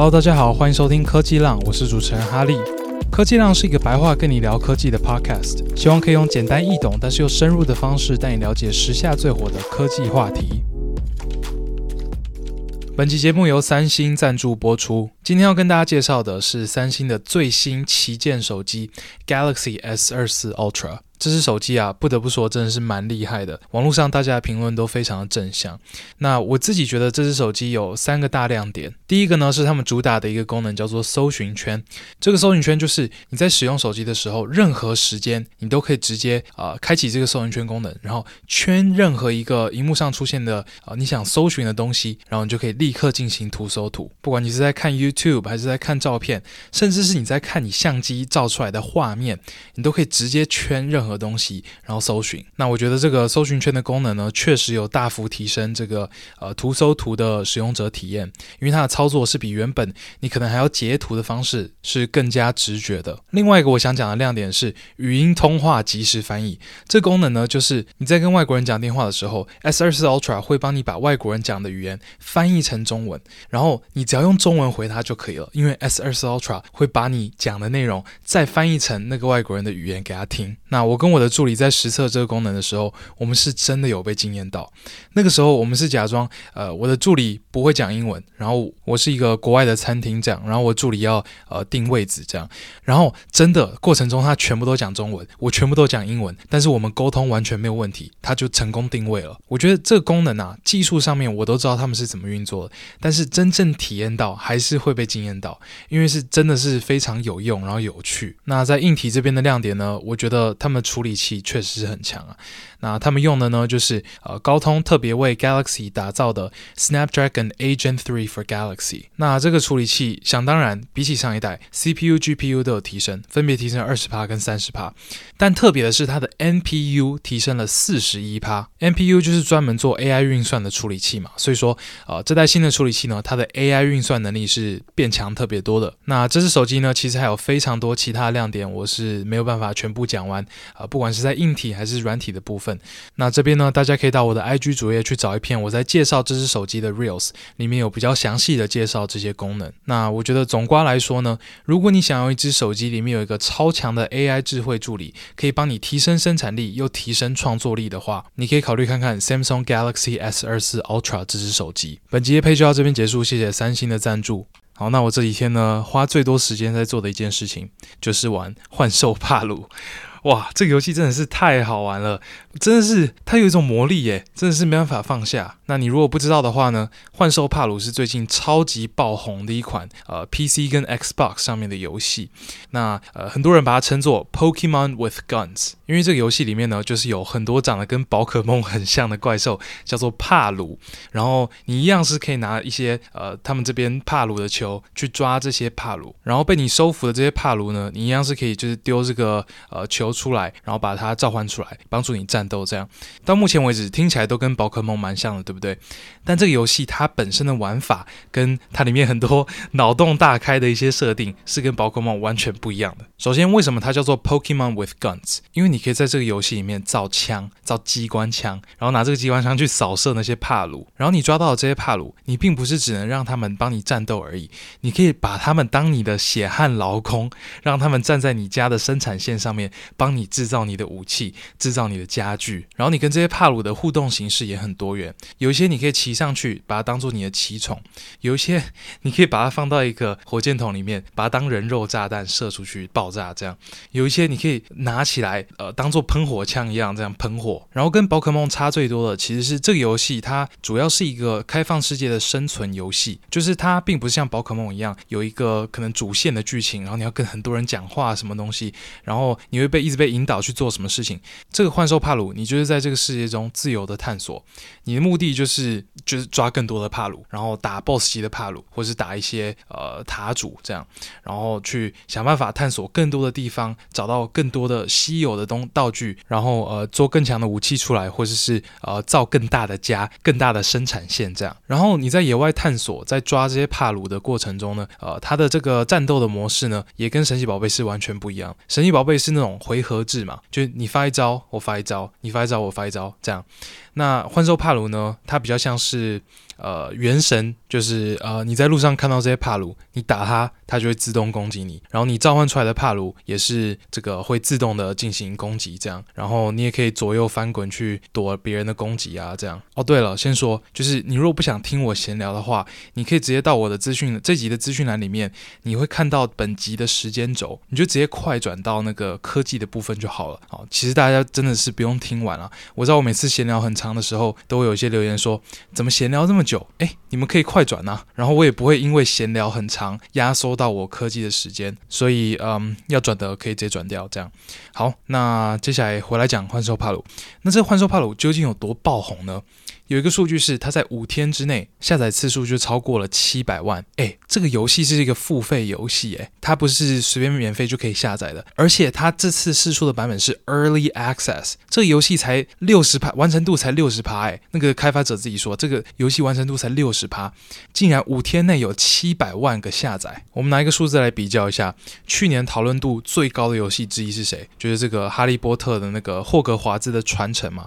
Hello，大家好，歡迎收聽科技浪，我是主持人哈利。科技浪是一個白話跟你聊科技的 Podcast，希望可以用簡單易懂但是又深入的方式帶你了解時下最火的科技話題。本期節目由三星贊助播出。今天要跟大家介紹的是三星的最新旗艦手機 Galaxy S24 Ultra。這只手機啊，不得不說真的是蠻厲害的。網絡上大家的評論都非常的正向。那我自己覺得這只手機有三個大亮點。第一個呢，是他們主打的一個功能叫做搜尋圈。這個搜尋圈就是你在使用手機的時候，任何時間你都可以直接啊、呃、開啟這個搜尋圈功能，然後圈任何一個熒幕上出現的啊、呃、你想搜尋的東西，然後你就可以立刻進行圖搜圖。不管你是在看 YouTube 還是在看照片，甚至是你在看你相機照出來的畫面，你都可以直接圈任何。的東西，然後搜尋。那我覺得這個搜尋圈的功能呢，確實有大幅提升這個呃圖搜圖的使用者體驗，因為它的操作是比原本你可能還要截圖的方式是更加直覺的。另外一個我想講的亮點是語音通話即時翻譯。這功能呢，就是你在跟外國人講電話的時候，S24 Ultra 會幫你把外國人講的語言翻譯成中文，然後你只要用中文回他就可以了，因為 S24 Ultra 會把你講的內容再翻譯成那個外國人的語言給他聽。那我。跟我的助理在實測這個功能的時候，我們是真的有被驚艷到。那個時候我們是假裝，呃，我的助理不會講英文，然後我是一個國外的餐廳這樣，然後我助理要呃訂位子這樣，然後真的過程中他全部都講中文，我全部都講英文，但是我們溝通完全沒有問題，他就成功定位了。我覺得這個功能啊，技術上面我都知道他們是怎麼運作的，但是真正體驗到還是會被驚艷到，因為是真的是非常有用，然後有趣。那在硬體這邊的亮點呢，我覺得他們。處理器確實是很強啊。那他們用的呢，就是呃高通特別為 Galaxy 打造的 Snapdragon 8 Gen 3 for Galaxy。那這個處理器，想當然，比起上一代 CPU、GPU 都有提升，分別提升二十趴跟三十趴。但特別的是，它的 NPU 提升了四十一趴。NPU 就是專門做 AI 運算的處理器嘛，所以說呃這代新的處理器呢，它的 AI 運算能力是變強特別多的。那這只手機呢，其實還有非常多其他亮點，我是沒有辦法全部講完啊、呃。不管是在硬體還是軟體的部分。那這邊呢，大家可以到我的 IG 主頁去找一篇我在介紹這支手機的 Reels，裡面有比較詳細的介紹這些功能。那我覺得總括來說呢，如果你想要一支手機裡面有一個超強的 AI 智慧助理，可以幫你提升生產力又提升創作力的話，你可以考慮看看 Samsung Galaxy S24 Ultra 這支手機。本集的配就到這邊結束，謝謝三星的贊助。好，那我這幾天呢，花最多時間在做的一件事情就是玩幻獸帕魯。哇，這個遊戲真的是太好玩了，真的是它有一種魔力耶，真的是沒辦法放下。那你如果不知道的話呢，《幻獸帕魯》是最近超級爆紅的一款呃 PC 跟 Xbox 上面的遊戲，那呃很多人把它稱作《Pokemon with Guns》。因為這個遊戲裡面呢，就是有很多長得跟寶可夢很像的怪獸，叫做帕魯，然後你一樣是可以拿一些呃，他們這邊帕魯的球去抓這些帕魯，然後被你收服的這些帕魯呢，你一樣是可以就是丟這個呃球出來，然後把它召喚出來，幫助你戰鬥。這樣到目前為止聽起來都跟寶可夢蠻像的，對不對？但這個遊戲它本身的玩法跟它裡面很多腦洞大開的一些設定是跟寶可夢完全不一樣的。首先，為什麼它叫做 Pokemon with Guns？因為你你可以在這個遊戲裡面造槍、造機關槍，然後拿這個機關槍去掃射那些帕魯。然後你抓到了這些帕魯，你並不是只能讓他們幫你戰鬥而已，你可以把他們當你的血汗勞工，讓他們站在你家的生產線上面，幫你製造你的武器、製造你的家具。然後你跟這些帕魯的互動形式也很多元，有一些你可以騎上去把它當做你的騎寵，有一些你可以把它放到一個火箭筒裡面，把它當人肉炸彈射出去爆炸這樣。有一些你可以拿起來，呃。當做噴火槍一樣這樣噴火，然後跟寶可夢差最多的其實是這個遊戲，它主要是一個開放世界的生存遊戲，就是它並不是像寶可夢一樣有一個可能主線的劇情，然後你要跟很多人講話什麼東西，然後你會被一直被引導去做什麼事情。這個幻獸帕魯，你就是在這個世界中自由的探索，你的目的就是就是抓更多的帕魯，然後打 boss 級的帕魯，或是打一些呃塔主這樣，然後去想辦法探索更多的地方，找到更多的稀有的東西，道具，然後呃做更強的武器出來，或者是，是呃造更大的家、更大的生產線這樣。然後你在野外探索，在抓這些帕魯的過程中呢，呃它的這個戰鬥的模式呢，也跟神奇寶貝是完全不一樣。神奇寶貝是那種回合制嘛，就你發一招，我發一招，你發一招，我發一招這樣。那幻獸帕魯呢？它比較像是，呃，原神，就是呃，你在路上看到這些帕魯，你打它，它就會自動攻擊你。然後你召喚出來的帕魯也是這個會自動的進行攻擊，這樣。然後你也可以左右翻滾去躲別人的攻擊啊，這樣。哦，對了，先說，就是你如果不想聽我閒聊的話，你可以直接到我的資訊這集的資訊欄裡面，你會看到本集的時間軸，你就直接快轉到那個科技的部分就好了。好，其實大家真的是不用聽完了啊，我知道我每次閒聊很長的時候都會有一些留言說，怎麼閒聊這麼久？哎、欸，你們可以快轉吶、啊。然後我也不會因為閒聊很長壓縮到我科技的時間，所以嗯，要轉的可以直接轉掉。這樣好，那接下來回來講幻獸帕魯。那這幻獸帕魯究竟有多爆紅呢？有一個數據是，它在五天之內下載次數就超過了七百萬。哎，這個遊戲是一個付費遊戲，哎，它不是隨便免費就可以下載的。而且它這次釋出的版本是 Early Access，這個遊戲才六十趴，完成度才六十趴。哎，那個開發者自己說，這個遊戲完成度才六十趴，竟然五天內有七百萬個下載。我們拿一個數字來比較一下，去年討論度最高的遊戲之一是誰？就是這個《哈利波特》的那個《霍格華茲的傳承》嘛。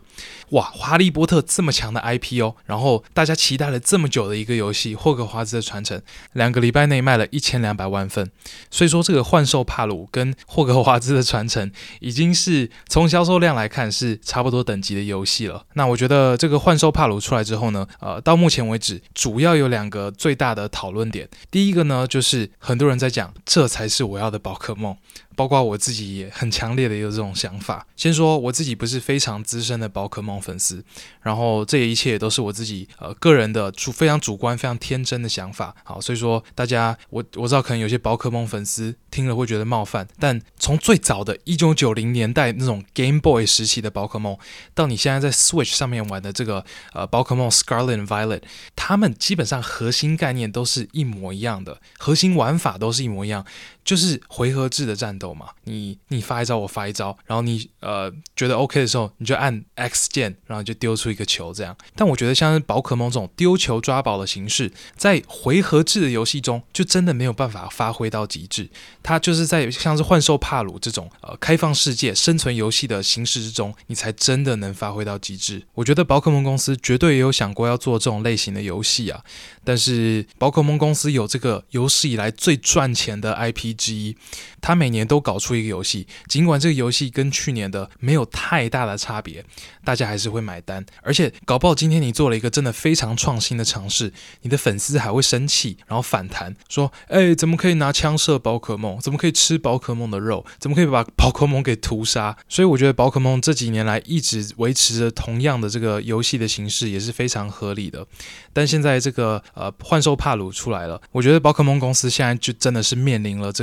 哇，《哈利波特》這麼強的 IP。IPO，哦，然後大家期待了這麼久的一個遊戲《霍格華茲的傳承》，兩個禮拜內賣了一千兩百萬份，所以說這個《幻獸帕魯》跟《霍格華茲的傳承》已經是從銷售量來看是差不多等級的遊戲了。那我覺得這個《幻獸帕魯》出來之後呢，呃，到目前為止主要有兩個最大的討論點，第一個呢就是很多人在講，這才是我要的寶可夢。包括我自己也很強烈的有這種想法。先說我自己不是非常資深的寶可夢粉絲，然後這一切也都是我自己呃個人的主非常主觀、非常天真的想法。好，所以說大家我我知道可能有些寶可夢粉絲聽了會覺得冒犯，但從最早的一九九零年代那種 Game Boy 時期的寶可夢，到你現在在 Switch 上面玩的這個呃寶可夢 Scarlet and Violet，它們基本上核心概念都是一模一樣的，核心玩法都是一模一樣。就是回合制的戰鬥嘛，你你發一招，我發一招，然後你呃覺得 OK 的時候，你就按 X 鍵，然後就丟出一個球這樣。但我覺得像是寶可夢這種丟球抓寶的形式，在回合制的遊戲中就真的沒有辦法發揮到極致。它就是在像是幻獸帕魯這種呃開放世界生存遊戲的形式之中，你才真的能發揮到極致。我覺得寶可夢公司絕對也有想過要做這種類型的遊戲啊，但是寶可夢公司有這個有史以來最賺錢的 IP。之一，他每年都搞出一個遊戲，儘管這個遊戲跟去年的沒有太大的差別，大家還是會買單。而且搞不好今天你做了一個真的非常創新的嘗試，你的粉絲還會生氣，然後反彈說：“哎，怎麼可以拿槍射寶可夢？怎麼可以吃寶可夢的肉？怎麼可以把寶可夢給屠殺？”所以我覺得寶可夢這幾年來一直維持着同樣的這個遊戲的形式也是非常合理的。但現在這個呃幻獸帕魯出來了，我覺得寶可夢公司現在就真的是面臨了這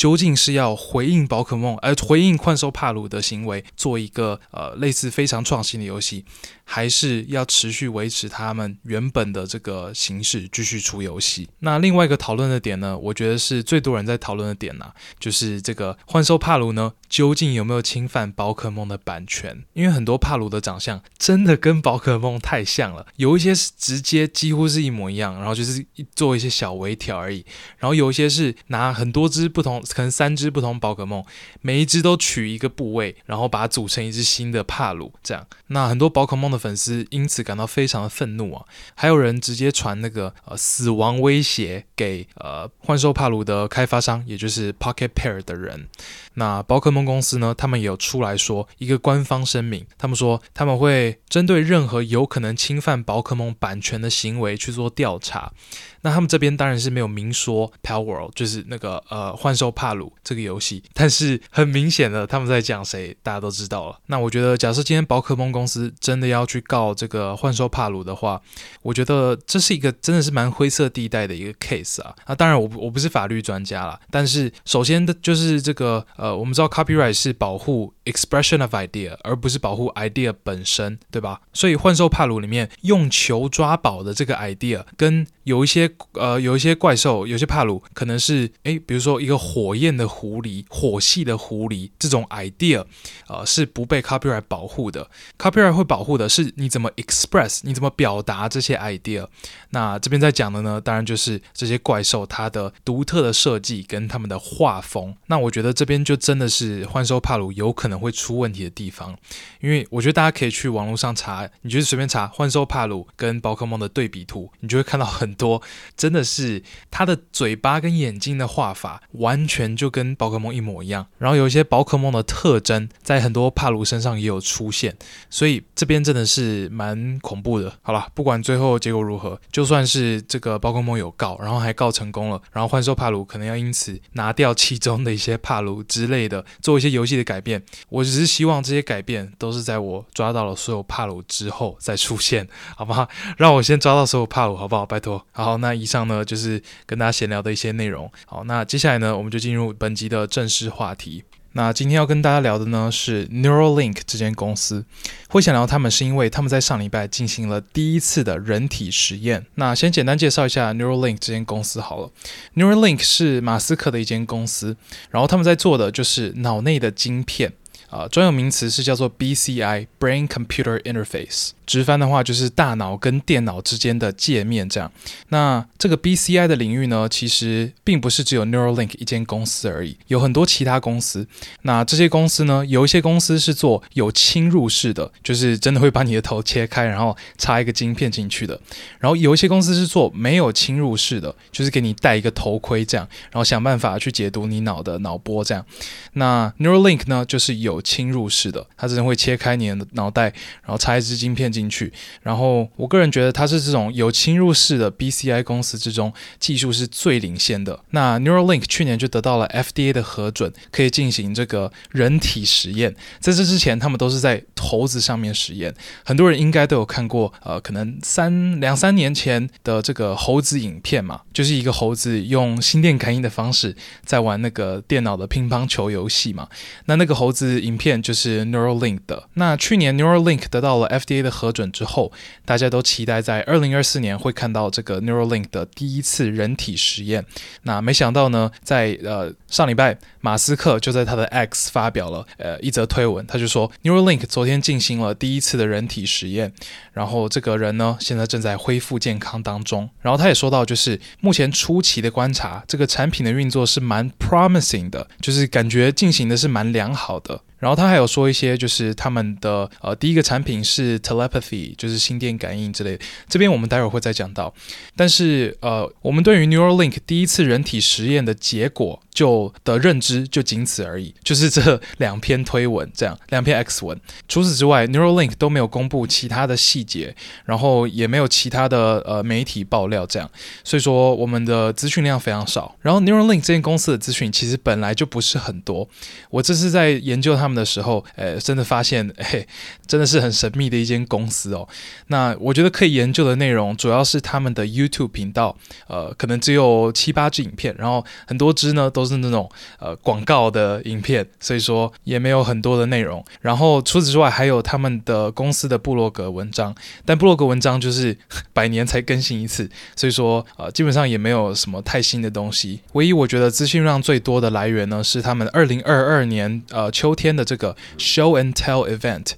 究竟是要回應寶可夢，呃，回應幻獸帕魯的行為，做一個呃類似非常創新的遊戲，還是要持續維持他們原本的這個形式繼續出遊戲？那另外一個討論的點呢，我覺得是最多人在討論的點吶、啊，就是這個幻獸帕魯呢，究竟有沒有侵犯寶可夢的版權？因為很多帕魯的長相真的跟寶可夢太像了，有一些是直接幾乎是一模一樣，然後就是做一些小微調而已，然後有一些是拿很多只不同。可能三隻不同寶可夢，每一隻都取一個部位，然後把它組成一隻新的帕魯，這樣。那很多寶可夢的粉絲因此感到非常的憤怒啊！還有人直接傳那個呃死亡威脅給呃幻獸帕魯的開發商，也就是 Pocket Pair 的人。那寶可夢公司呢，他們也有出來說一個官方聲明，他們說他們會針對任何有可能侵犯寶可夢版權的行為去做調查。那他們這邊當然是沒有明說 Palworld 就是那個呃幻獸。帕魯這個遊戲，但是很明顯的，他們在講誰，大家都知道了。那我覺得，假設今天寶可夢公司真的要去告這個幻獸帕魯的話，我覺得這是一個真的是蠻灰色地帶的一個 case 啊。那，啊，當然我我不是法律專家啦，但是首先的就是這個呃，我們知道 copyright 是保護 expression of idea，而不是保護 idea 本身，對吧？所以幻獸帕魯裡面用球抓寶的這個 idea，跟有一些呃有一些怪獸，有些帕魯可能是哎，比如說一個火火焰的狐狸，火系的狐狸，這種 idea 啊、呃、是不被 copyright 保護的。copyright 會保護的是你怎麼 express，你怎麼表達這些 idea。那這邊在講的呢，當然就是這些怪獸它的獨特的設計跟他們的畫風。那我覺得這邊就真的是幻獸帕魯有可能會出問題的地方，因為我覺得大家可以去網絡上查，你就隨便查幻獸帕魯跟寶可夢的對比圖，你就會看到很多真的是它的嘴巴跟眼睛的畫法完。全就跟寶可夢一模一樣，然後有一些寶可夢的特徵在很多帕魯身上也有出現，所以這邊真的是蠻恐怖的。好了，不管最後結果如何，就算是這個寶可夢有告，然後還告成功了，然後幻獸帕魯可能要因此拿掉其中的一些帕魯之類的，做一些遊戲的改變。我只是希望這些改變都是在我抓到了所有帕魯之後再出現，好不好？讓我先抓到所有帕魯好不好？拜託。好，那以上呢就是跟大家閒聊的一些內容。好，那接下來呢我們就。進入本集的正式話題。那今天要跟大家聊的呢是 Neuralink 這間公司。會想聊他們是因為他們在上禮拜進行了第一次的人體實驗。那先簡單介紹一下 Neuralink 這間公司好了。Neuralink 是馬斯克的一間公司，然後他們在做的就是腦內的晶片。啊，專有名詞是叫做 BCI（Brain Computer Interface），直翻的話就是大腦跟電腦之間的界面這樣。那這個 BCI 的領域呢，其實並不是只有 Neuralink 一間公司而已，有很多其他公司。那這些公司呢，有一些公司是做有侵入式的，就是真的會把你的頭切開，然後插一個晶片進去的。然後有一些公司是做沒有侵入式的，就是給你戴一個頭盔這樣，然後想辦法去解讀你腦的腦波這樣。那 Neuralink 呢，就是有侵入式的，它之前會切開你的腦袋，然後插一支晶片進去。然後我個人覺得它是這種有侵入式的 BCI 公司之中技術是最領先的。那 Neuralink 去年就得到了 FDA 的核准，可以進行這個人體實驗。在這之前，他們都是在猴子上面實驗。很多人應該都有看過，呃，可能三兩三年前的這個猴子影片嘛，就是一個猴子用心電感應的方式在玩那個電腦的乒乓球遊戲嘛。那那個猴子。影片就是 Neuralink 的。那去年 Neuralink 得到了 FDA 的核准之後，大家都期待在2024年會看到這個 Neuralink 的第一次人體實驗。那沒想到呢，在呃上禮拜。馬斯克就在他的 X 發表了呃一則推文，他就說 Neuralink 昨天進行了第一次的人體實驗，然後這個人呢現在正在恢復健康當中。然後他也說到，就是目前初期的觀察，這個產品的運作是蠻 promising 的，就是感覺進行的是蠻良好的。然後他還有說一些就是他們的呃第一個產品是 telepathy，就是心電感應之類的，這邊我們待會兒會再講到。但是呃我們對於 Neuralink 第一次人體實驗的結果就的認知。就僅此而已，就是這兩篇推文這樣，兩篇 X 文。除此之外，Neuralink 都沒有公布其他的細節，然後也沒有其他的呃媒體爆料這樣，所以說我們的資訊量非常少。然後 Neuralink 這間公司的資訊其實本來就不是很多，我這次在研究他們的時候，誒，真的發現，誒，真的是很神秘的一間公司哦。那我覺得可以研究的內容主要是他們的 YouTube 頻道，呃，可能只有七八支影片，然後很多支呢都是那種呃。廣告的影片，所以說也沒有很多的內容。然後除此之外，還有他們的公司的部落格文章，但部落格文章就是百年才更新一次，所以說呃，基本上也沒有什麼太新的東西。唯一我覺得資訊量最多的來源呢，是他們二零二二年呃秋天的這個 Show and Tell Event。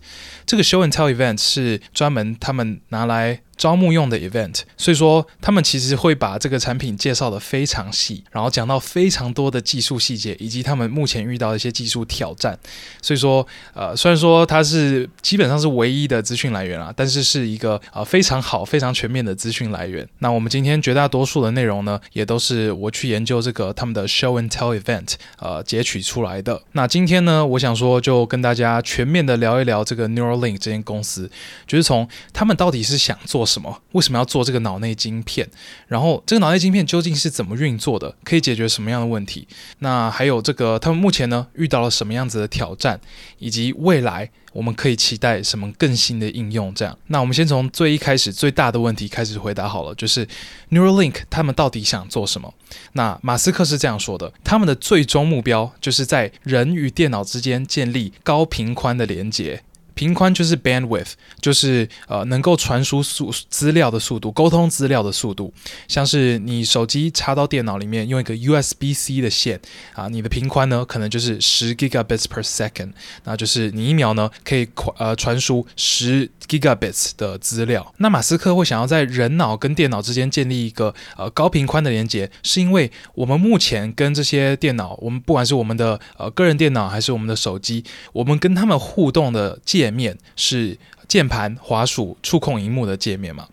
這個 Show and Tell Event 是專門他們拿來。招募用的 event，所以說他們其實會把這個產品介紹得非常細，然後講到非常多的技術細節以及他們目前遇到的一些技術挑戰。所以說，呃，雖然說它是基本上是唯一的資訊來源啊，但是是一個呃非常好、非常全面的資訊來源。那我們今天絕大多數的內容呢，也都是我去研究這個他們的 show and tell event，呃，截取出來的。那今天呢，我想說就跟大家全面的聊一聊這個 Neuralink 這間公司，就是從他們到底是想做。什麼？為什麼要做這個腦內晶片？然後這個腦內晶片究竟是怎麼運作的？可以解決什麼樣的問題？那還有這個，他們目前呢遇到了什麼樣子的挑戰？以及未來我們可以期待什麼更新的應用？這樣，那我們先從最一開始最大的問題開始回答好了，就是 Neuralink 他們到底想做什麼？那馬斯克是這樣說的，他們的最終目標就是在人與電腦之間建立高頻寬的連接。頻寬就是 bandwidth，就是呃能夠傳輸速資料的速度，溝通資料的速度。像是你手機插到電腦裡面，用一個 USB C 的線啊，你的頻寬呢可能就是十 gigabits per second，那就是你一秒呢可以呃傳輸十。Gigabits 的資料，那馬斯克會想要在人腦跟電腦之間建立一個呃高頻寬的連接，是因為我們目前跟這些電腦，我們不管是我們的呃個人電腦還是我們的手機，我們跟他們互動的界面是鍵盤、滑鼠、觸控熒幕的界面嘛？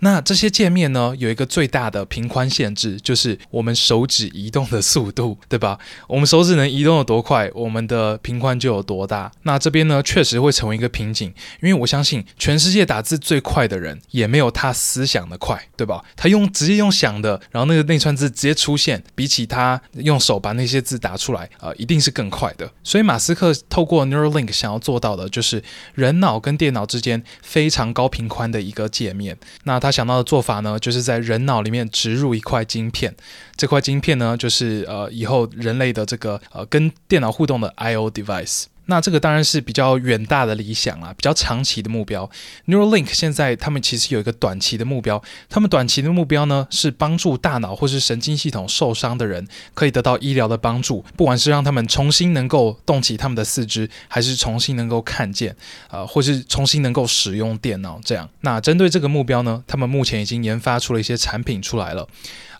那這些界面呢，有一個最大的頻寬限制，就是我們手指移動的速度，對吧？我們手指能移動有多快，我們的頻寬就有多大。那這邊呢，確實會成為一個瓶頸，因為我相信全世界打字最快的人，也沒有他思想的快，對吧？他用直接用想的，然後那個那串字直接出現，比起他用手把那些字打出來，啊、呃，一定是更快的。所以馬斯克透過 Neuralink 想要做到的就是人腦跟電腦之間非常高頻寬的一個界面。那他。他想到的做法呢，就是在人腦裡面植入一塊晶片，這塊晶片呢，就是呃，以後人類的這個呃，跟電腦互動的 I/O device。那這個當然是比較遠大的理想啦、啊，比較長期的目標。Neuralink 現在他們其實有一個短期的目標，他們短期的目標呢是幫助大腦或是神經系統受傷的人可以得到醫療的幫助，不管是讓他們重新能夠動起他們的四肢，還是重新能夠看見，啊、呃，或是重新能夠使用電腦這樣。那針對這個目標呢，他們目前已經研發出了一些產品出來了，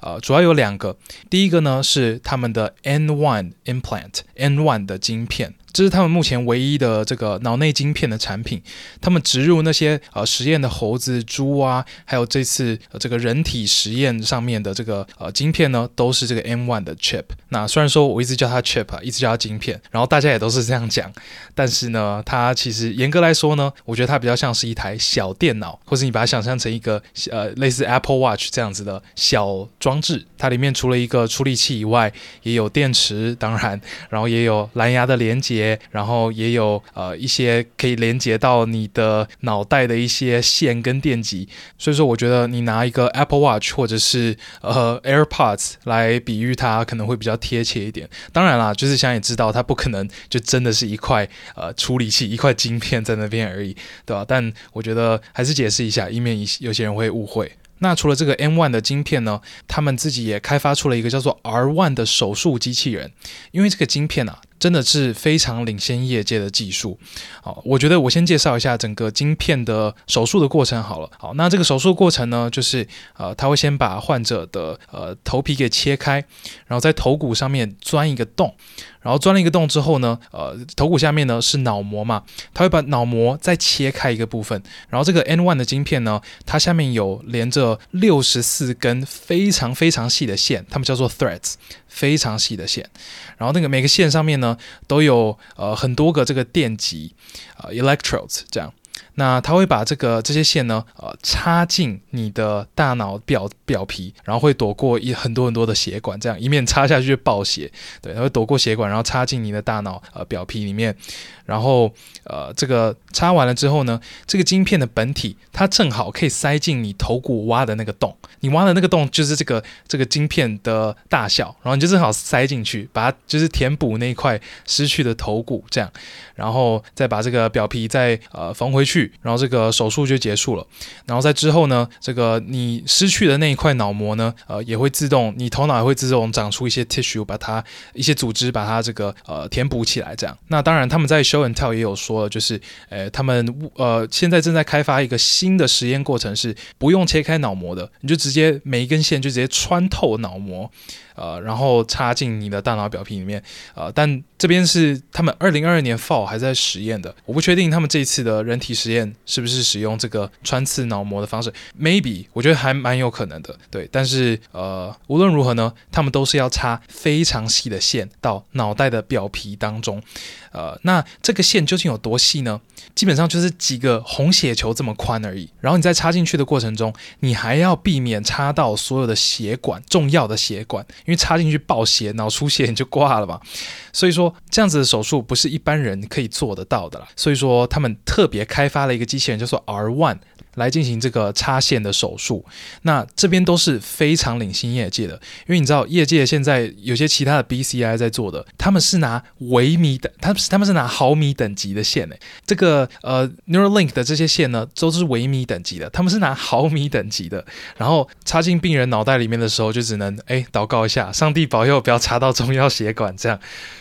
啊、呃，主要有兩個，第一個呢是他們的 N1 implant，N1 的晶片。這是他們目前唯一的這個腦內晶片的產品。他們植入那些呃實驗的猴子、豬啊，還有這次、呃、這個人體實驗上面的這個呃晶片呢，都是這個 M1 的 chip。那雖然說我一直叫它 chip 啊，一直叫它晶片，然後大家也都是這樣講，但是呢，它其實嚴格來說呢，我覺得它比較像是一台小電腦，或是你把它想象成一個呃類似 Apple Watch 這樣子的小裝置。它裡面除了一個處理器以外，也有電池，當然，然後也有藍牙的連接。然後也有呃一些可以連接到你的腦袋的一些線跟電極，所以說我覺得你拿一個 Apple Watch 或者是呃 AirPods 來比喻它可能會比較貼切一點。當然啦，就是想也知道它不可能就真的是一塊呃處理器一塊晶片在那邊而已，對吧？但我覺得還是解釋一下，以免有些人會誤會。那除了這個 M One 的晶片呢，他們自己也開發出了一個叫做 R One 的手術機器人，因為這個晶片啊。真的是非常領先業界的技術。好，我覺得我先介紹一下整個晶片的手術的過程好了。好，那這個手術過程呢，就是呃，他會先把患者的呃頭皮給切開，然後在頭骨上面鑽一個洞，然後鑽了一個洞之後呢，呃，頭骨下面呢是腦膜嘛，他會把腦膜再切開一個部分，然後這個 N1 的晶片呢，它下面有連着六十四根非常非常細的線，它們叫做 threads，非常細的線。然後那個每個線上面呢。都有呃很多個這個電極，呃 electrodes 這樣。那它會把這個這些線呢，呃，插進你的大腦表表皮，然後會躲過一很多很多的血管，這樣一面插下去就爆血，對，它會躲過血管，然後插進你的大腦呃表皮裡面，然後呃這個插完了之後呢，這個晶片的本體它正好可以塞進你頭骨挖的那個洞，你挖的那個洞就是這個這個晶片的大小，然後你就正好塞進去，把它就是填補那一塊失去的頭骨這樣，然後再把這個表皮再呃縫回去。然後這個手術就結束了。然後在之後呢，這個你失去的那一塊腦膜呢，呃，也會自動，你頭腦也會自動長出一些 tissue，把它一些組織把它這個呃填補起來。這樣，那當然他們在 show and tell 也有說了，就是呃，他們呃現在正在開發一個新的實驗過程，是不用切開腦膜的，你就直接每一根線就直接穿透腦膜。呃，然後插進你的大腦表皮裡面，呃，但這邊是他們二零二二年 Fall 還在實驗的，我不確定他們這一次的人體實驗是不是使用這個穿刺腦膜的方式，Maybe 我覺得還蠻有可能的，對，但是呃，無論如何呢，他們都是要插非常細的線到腦袋的表皮當中。呃，那這個線究竟有多細呢？基本上就是幾個紅血球這麼寬而已。然後你在插進去的過程中，你還要避免插到所有的血管，重要的血管，因為插進去爆血，腦出血你就掛了嘛。所以說，這樣子的手術不是一般人可以做得到的啦。所以說，他們特別開發了一個機器人，叫做 R1。來進行這個插線的手術，那這邊都是非常領先業界的，因為你知道，業界現在有些其他的 BCI 在做的，他們是拿微米的，他們他們是拿毫米等級的線誒，這個呃，Neuralink 的這些線呢，都是微米等級的，他們是拿毫米等級的，然後插進病人腦袋裡面的時候，就只能誒禱告一下，上帝保佑，不要插到重要血管這樣。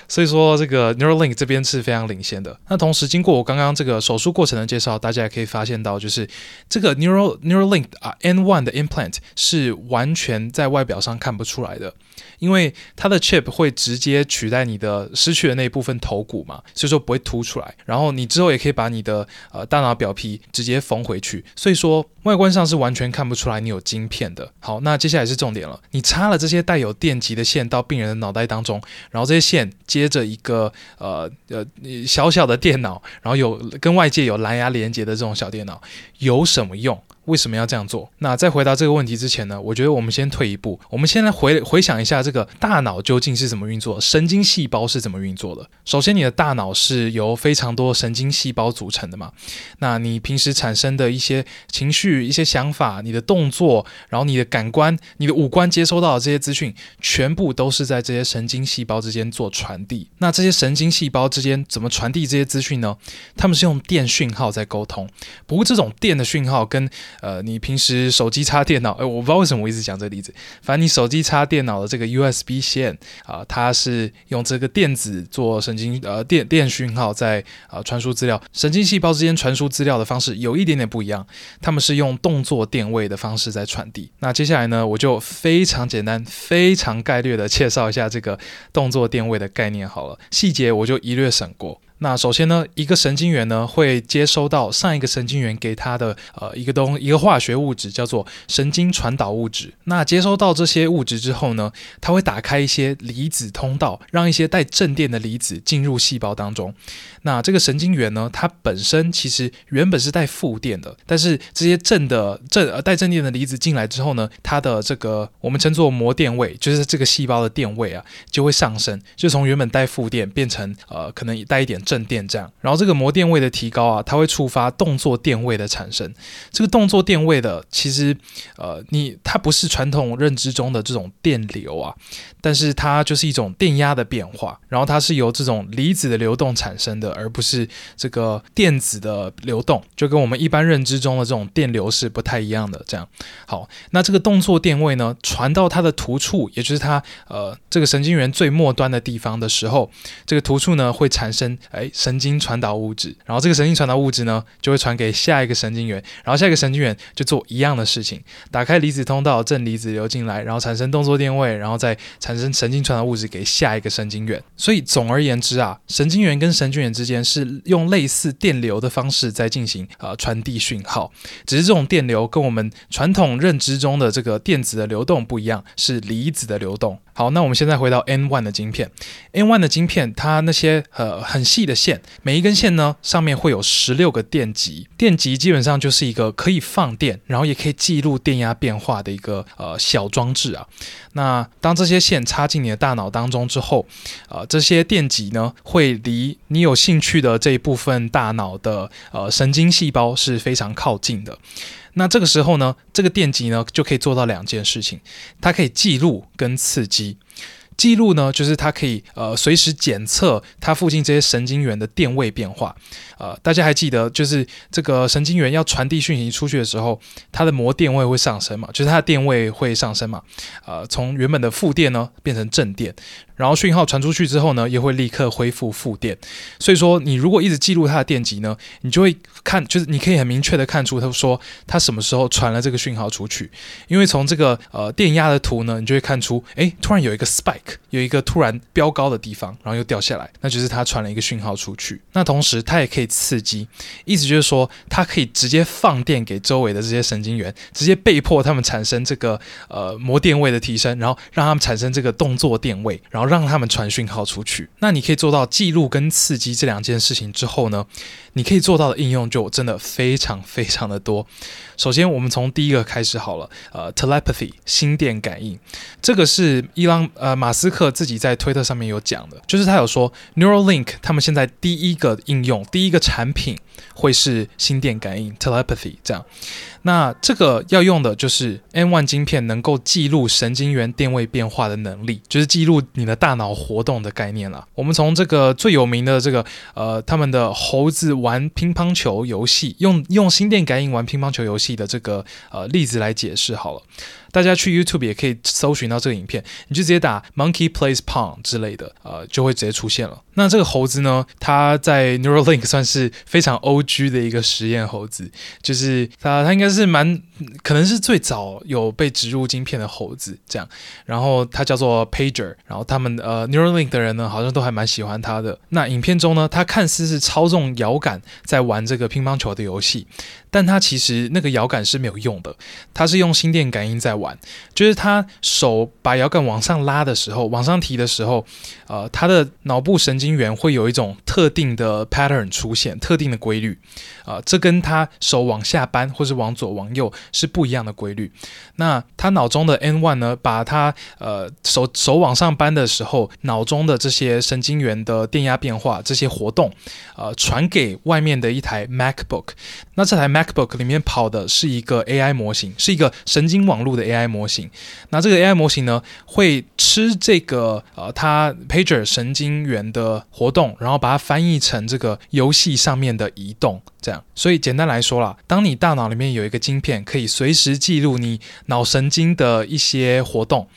所以說，這個 Neuralink 這邊是非常領先的。那同時，經過我剛剛這個手術過程的介紹，大家也可以發現到，就是。這個 Neural Neuralink 啊 N1 的 implant 是完全在外表上看不出來的，因為它的 chip 會直接取代你的失去的那一部分頭骨嘛，所以說不會凸出來。然後你之後也可以把你的呃大腦表皮直接縫回去，所以說外觀上是完全看不出來你有晶片的。好，那接下來是重點了，你插了這些帶有電極的線到病人的腦袋當中，然後這些線接着一個呃呃小小的電腦，然後有跟外界有藍牙連接的這種小電腦有，怎麼用？為什麼要這樣做？那在回答這個問題之前呢，我覺得我們先退一步，我們先來回回想一下這個大腦究竟是怎麼運作的，神經細胞是怎麼運作的。首先，你的大腦是由非常多神經細胞組成的嘛。那你平時產生的一些情緒、一些想法、你的動作，然後你的感官、你的五官接收到的這些資訊，全部都是在這些神經細胞之間做傳遞。那這些神經細胞之間怎麼傳遞這些資訊呢？他們是用電訊號在溝通。不過這種電的訊號跟呃，你平時手機插電腦，哎、呃，我不知道為什麼我一直講這個例子。反正你手機插電腦的這個 USB 線啊、呃，它是用這個電子做神經呃電電訊號在啊、呃、傳輸資料。神經細胞之間傳輸資料的方式有一點點不一樣，他們是用動作電位的方式在傳遞。那接下來呢，我就非常簡單、非常概略的介紹一下這個動作電位的概念好了，細節我就一略閃過。那首先呢，一個神經元呢會接收到上一個神經元給它的呃一個東一個化學物質，叫做神經傳導物質。那接收到這些物質之後呢，它會打開一些離子通道，讓一些帶正電的離子進入細胞當中。那這個神經元呢，它本身其實原本是帶負電的，但是這些正的正呃帶正電的離子進來之後呢，它的這個我們稱作膜電位，就是這個細胞的電位啊，就會上升，就從原本帶負電變成呃可能帶一點。正電這樣，然後這個膜電位的提高啊，它會觸發動作電位的產生。這個動作電位的其實，呃，你它不是傳統認知中的這種電流啊，但是它就是一種電壓的變化，然後它是由這種離子的流動產生的，而不是這個電子的流動，就跟我們一般認知中的這種電流是不太一樣的。這樣，好，那這個動作電位呢，傳到它的突觸，也就是它呃這個神經元最末端的地方的時候，這個突觸呢會產生。哎，神經傳導物質，然後這個神經傳導物質呢，就會傳給下一個神經元，然後下一個神經元就做一樣的事情，打開離子通道，正離子流進來，然後產生動作電位，然後再產生神經傳導物質給下一個神經元。所以總而言之啊，神經元跟神經元之間是用類似電流的方式在進行，呃，傳遞訊號，只是這種電流跟我們傳統認知中的這個電子的流動不一樣，是離子的流動。好，那我們現在回到 N1 的晶片。N1 的晶片，它那些呃很細的線，每一根線呢上面會有十六個電極。電極基本上就是一個可以放電，然後也可以記錄電壓變化的一個呃小裝置啊。那當這些線插進你的大腦當中之後，呃，這些電極呢會離你有興趣的這一部分大腦的呃神經細胞是非常靠近的。那這個時候呢，這個電極呢就可以做到兩件事情，它可以記錄跟刺激。記錄呢，就是它可以呃隨時檢測它附近這些神經元的電位變化。呃，大家還記得，就是這個神經元要傳遞訊息出去的時候，它的膜電位會上升嘛，就是它的電位會上升嘛。呃，從原本的負電呢變成正電，然後訊號傳出去之後呢，又會立刻恢復負電。所以說，你如果一直記錄它的電極呢，你就會看，就是你可以很明確的看出，他說他什麼時候傳了這個訊號出去，因為從這個呃電壓的圖呢，你就會看出，哎，突然有一個 spike。有一個突然飆高的地方，然後又掉下來，那就是它傳了一個訊號出去。那同時，它也可以刺激，意思就是說，它可以直接放電給周圍的這些神經元，直接被迫它們產生這個呃膜電位的提升，然後讓它們產生這個動作電位，然後讓他們傳訊號出去。那你可以做到記錄跟刺激這兩件事情之後呢，你可以做到的應用就真的非常非常的多。首先，我們從第一個開始好了，呃，telepathy 心電感應，這個是 Elon 呃馬斯斯克自己在推特上面有講的，就是他有說，Neuralink 他們現在第一個應用、第一個產品會是心電感應 （Telepathy） 這樣。那這個要用的就是 N1 晶片能夠記錄神經元電位變化的能力，就是記錄你的大腦活動的概念啦。我們從這個最有名的這個呃，他們的猴子玩乒乓球遊戲，用用心電感應玩乒乓球遊戲的這個呃例子來解釋好了。大家去 YouTube 也可以搜尋到這個影片，你就直接打 Monkey plays pong 之類的，呃，就會直接出現了。那這個猴子呢，它在 Neuralink 算是非常 O.G. 的一個實驗猴子，就是它它應該是蠻可能是最早有被植入晶片的猴子這樣。然後它叫做 Pager，然後他們呃 Neuralink 的人呢，好像都還蠻喜歡它的。那影片中呢，它看似是操縱搖桿在玩這個乒乓球的遊戲。但他其實那個搖桿是沒有用的，他是用心電感應在玩，就是他手把搖桿往上拉的時候，往上提的時候，呃，他的腦部神經元會有一種特定的 pattern 出現，特定的規律，啊、呃，這跟他手往下扳或是往左往右是不一樣的規律。那他腦中的 N1 呢，把他呃手手往上扳的時候，腦中的這些神經元的電壓變化，這些活動，呃，傳給外面的一台 MacBook。那這台 MacBook 裡面跑的是一個 AI 模型，是一個神經網絡的 AI 模型。那這個 AI 模型呢，會吃這個呃它 Pager 神經元的活動，然後把它翻譯成這個遊戲上面的移動，這樣。所以簡單來說啦，當你大腦裡面有一個晶片，可以隨時記錄你腦神經的一些活動。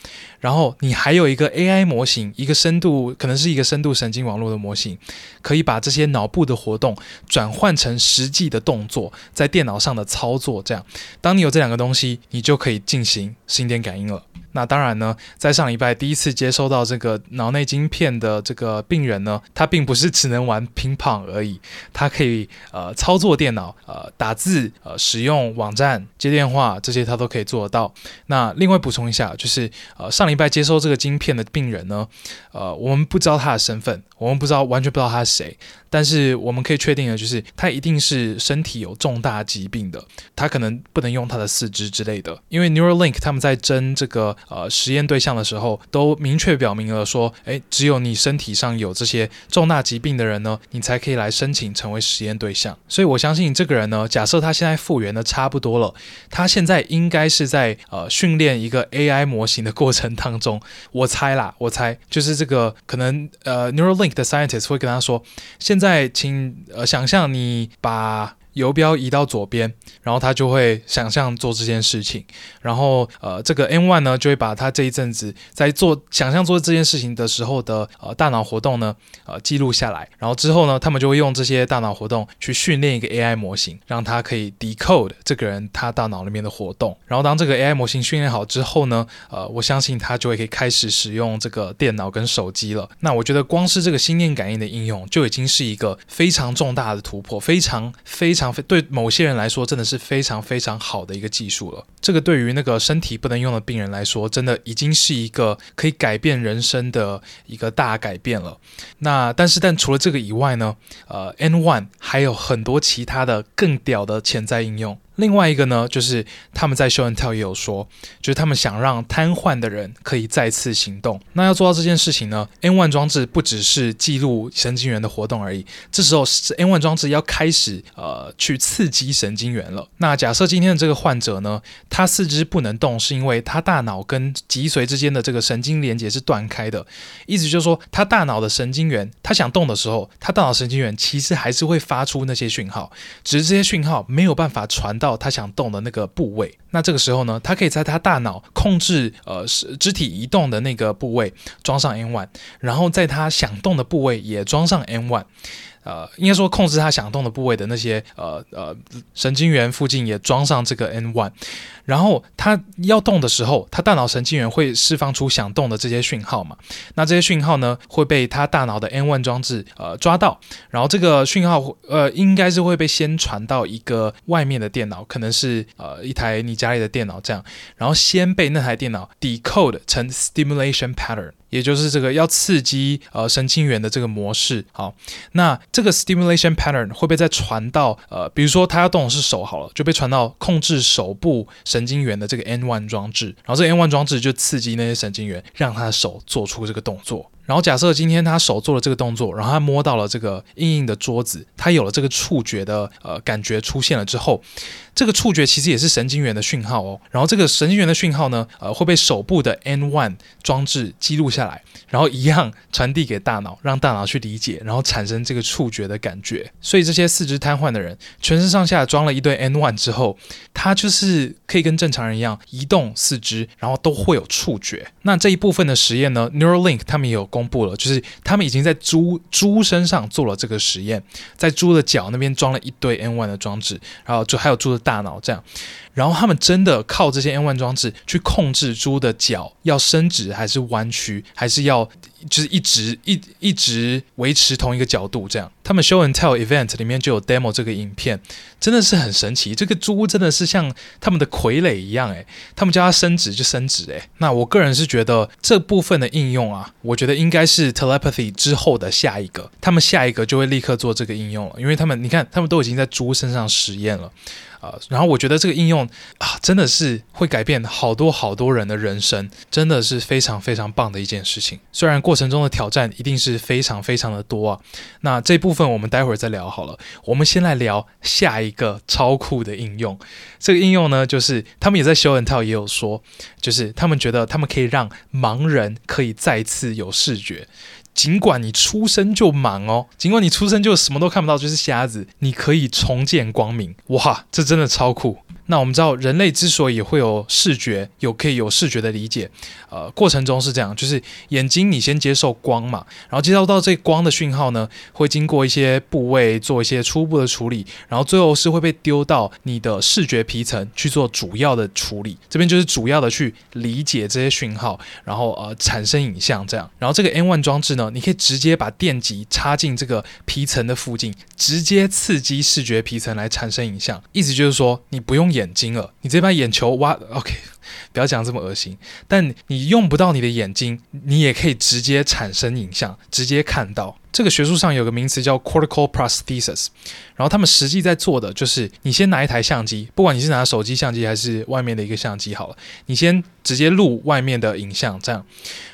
然後你還有一個 AI 模型，一個深度可能是一個深度神經網絡的模型，可以把這些腦部的活動轉換成實際的動作，在電腦上的操作。這樣，當你有這兩個東西，你就可以進行心電感應了。那當然呢，在上禮拜第一次接收到這個腦內晶片的這個病人呢，他並不是只能玩乒乓而已，他可以呃操作電腦，呃打字，呃使用網站、接電話，這些他都可以做得到。那另外補充一下，就是呃上。禮拜接收這個晶片的病人呢，呃，我們不知道他的身份，我們不知道，完全不知道他是誰。但是我們可以確定的，就是他一定是身體有重大疾病的，他可能不能用他的四肢之類的。因為 Neuralink 他們在徵這個呃實驗對象的時候，都明確表明了說，哎，只有你身體上有這些重大疾病的人呢，你才可以來申請成為實驗對象。所以我相信這個人呢，假設他現在復原的差不多了，他現在應該是在呃訓練一個 AI 模型的過程中。當中，我猜啦，我猜就是這個，可能呃，Neuralink 的 scientist 會跟他說，現在請呃，想象你把游標移到左邊，然後他就會想象做這件事情，然後呃，這個 N1 呢就會把他這一陣子在做想象做這件事情的時候的呃大腦活動呢呃記錄下來，然後之後呢，他們就會用這些大腦活動去訓練一個 AI 模型，讓它可以 decode 這個人他大腦裡面的活動，然後當這個 AI 模型訓練好之後呢，呃，我相信他就會可以開始使用這個電腦跟手機了。那我覺得光是這個心電感應的應用就已經是一個非常重大的突破，非常非常。對某些人來說，真的是非常非常好的一個技術了。這個對於那個身體不能用的病人來說，真的已經是一個可以改變人生的一個大改變了。那但是，但除了這個以外呢，呃，N1 還有很多其他的更屌的潛在應用。另外一個呢，就是他們在 Show and Tell 也有說，就是他們想讓癱瘓的人可以再次行動。那要做到這件事情呢，N1 裝置不只是記錄神經元的活動而已。這時候，N1 裝置要開始呃去刺激神經元了。那假設今天的這個患者呢，他四肢不能動，是因為他大腦跟脊髓之間的這個神經連接是斷開的。意思就是說，他大腦的神經元，他想動的時候，他大腦神經元其實還是會發出那些訊號，只是這些訊號沒有辦法傳到。到他想動的那個部位，那這個時候呢，他可以在他大腦控制呃肢體移動的那個部位裝上 N1，然後在他想動的部位也裝上 N1。呃，應該說控制他想動的部位的那些呃呃神經元附近也裝上這個 N1，然後他要動的時候，他大腦神經元會釋放出想動的這些訊號嘛？那這些訊號呢會被他大腦的 N1 裝置呃抓到，然後這個訊號呃應該是會被先傳到一個外面的電腦，可能是呃一台你家裡的電腦這樣，然後先被那台電腦 decode 成 stimulation pattern，也就是這個要刺激呃神經元的這個模式。好，那。這個 stimulation pattern 會被再傳到，呃，比如說他要動的是手好了，就被傳到控制手部神經元的這個 N1 裝置，然後這個 N1 裝置就刺激那些神經元，讓他的手做出這個動作。然後假設今天他手做了這個動作，然後他摸到了這個硬硬的桌子，他有了這個觸覺的呃感覺出現了之後，這個觸覺其實也是神經元的訊號哦。然後這個神經元的訊號呢，呃會被手部的 N1 裝置記錄下來，然後一樣傳遞給大腦，讓大腦去理解，然後產生這個觸覺的感覺。所以這些四肢癱瘓的人全身上下裝了一對 N1 之後，他就是可以跟正常人一樣移動四肢，然後都會有觸覺。那這一部分的實驗呢，Neuralink 他們也有。公布了，就是他們已經在豬豬身上做了這個實驗，在豬的腳那邊裝了一堆 N one 的裝置，然後就還有豬的大腦這樣，然後他們真的靠這些 N one 裝置去控制豬的腳要伸直還是彎曲，還是要就是一直一一直維持同一個角度這樣。他們 show and tell event 裡面就有 demo 這個影片，真的是很神奇，這個豬真的是像他們的傀儡一樣，欸，誒，他們叫它伸直就伸直，誒。那我個人是覺得這部分的應用啊，我覺得應該是 telepathy 之後的下一個，他們下一個就會立刻做這個應用了，因為他們，你看，他們都已經在豬身上實驗了。啊，然後我覺得這個應用啊，真的是會改變好多好多人的人生，真的是非常非常棒的一件事情。雖然過程中的挑戰一定是非常非常的多啊，那這部分我們待會兒再聊好了。我們先來聊下一個超酷的應用，這個應用呢，就是他們也在 Show and Tell 也有說，就是他們覺得他們可以讓盲人可以再次有視覺。儘管你出生就盲哦，儘管你出生就什麼都看不到，就是瞎子，你可以重見光明！哇，這真的超酷。那我們知道，人類之所以會有視覺，有可以有視覺的理解，呃，過程中是這樣，就是眼睛你先接受光嘛，然後接收到這光的訊號呢，會經過一些部位做一些初步的處理，然後最後是會被丟到你的視覺皮層去做主要的處理，這邊就是主要的去理解這些訊號，然後呃產生影像這樣。然後這個 N1 裝置呢，你可以直接把電極插進這個皮層的附近，直接刺激視覺皮層來產生影像，意思就是說你不用。眼睛了，你直接把眼球挖，OK。不要講這麼噁心，但你用不到你的眼睛，你也可以直接產生影像，直接看到。這個學術上有個名詞叫 cortical prosthesis，然後他們實際在做的就是，你先拿一台相機，不管你是拿手機相機還是外面的一個相機好了，你先直接錄外面的影像，這樣，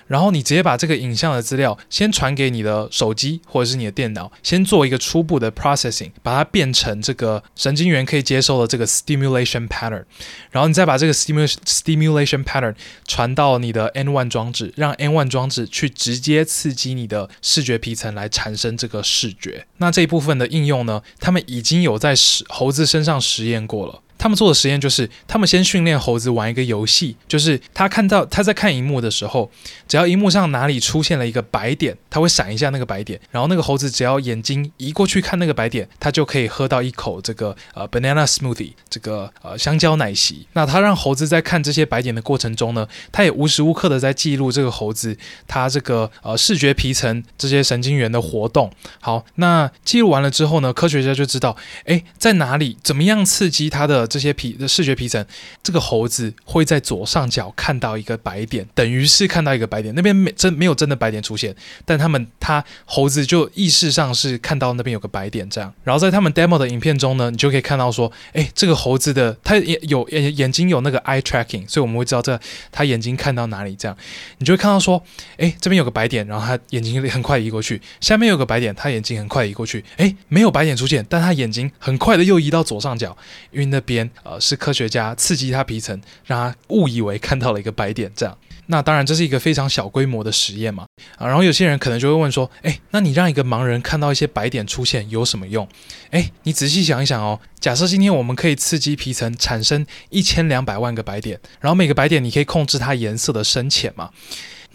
然後你直接把這個影像的資料先傳給你的手機或者是你的電腦，先做一個初步的 processing，把它變成這個神經元可以接受的這個 stimulation pattern，然後你再把這個 stimulation stimulation pattern 傳到你的 N1 裝置，讓 N1 裝置去直接刺激你的視覺皮層來產生這個視覺。那這一部分的應用呢，他們已經有在實猴子身上實驗過了。他們做的實驗就是，他們先訓練猴子玩一個遊戲，就是他看到他在看熒幕的時候，只要熒幕上哪裡出現了一個白點，他會閃一下那個白點，然後那個猴子只要眼睛移過去看那個白點，他就可以喝到一口這個呃 banana smoothie 這個呃香蕉奶昔。那他讓猴子在看這些白點的過程中呢，他也無時無刻的在記錄這個猴子他這個呃視覺皮層這些神經元的活動。好，那記錄完了之後呢，科學家就知道，哎，在哪裡怎麼樣刺激他的。這些皮的視覺皮層，這個猴子會在左上角看到一個白點，等於是看到一個白點，那邊沒真沒有真的白點出現，但他們他猴子就意識上是看到那邊有個白點這樣。然後在他們 demo 的影片中呢，你就可以看到說，哎，這個猴子的他也有眼眼睛有那個 eye tracking，所以我們會知道這他眼睛看到哪裡這樣。你就會看到說，哎，這邊有個白點，然後他眼睛很快移過去，下面有個白點，他眼睛很快移過去，哎，沒有白點出現，但他眼睛很快的又移到左上角，因為那邊。邊呃是科學家刺激他皮層，讓他誤以為看到了一個白點，這樣。那當然這是一個非常小規模的實驗嘛。啊，然後有些人可能就會問說，哎，那你讓一個盲人看到一些白點出現有什麼用？哎，你仔細想一想哦。假設今天我們可以刺激皮層產生一千兩百萬個白點，然後每個白點你可以控制它顏色的深淺嘛。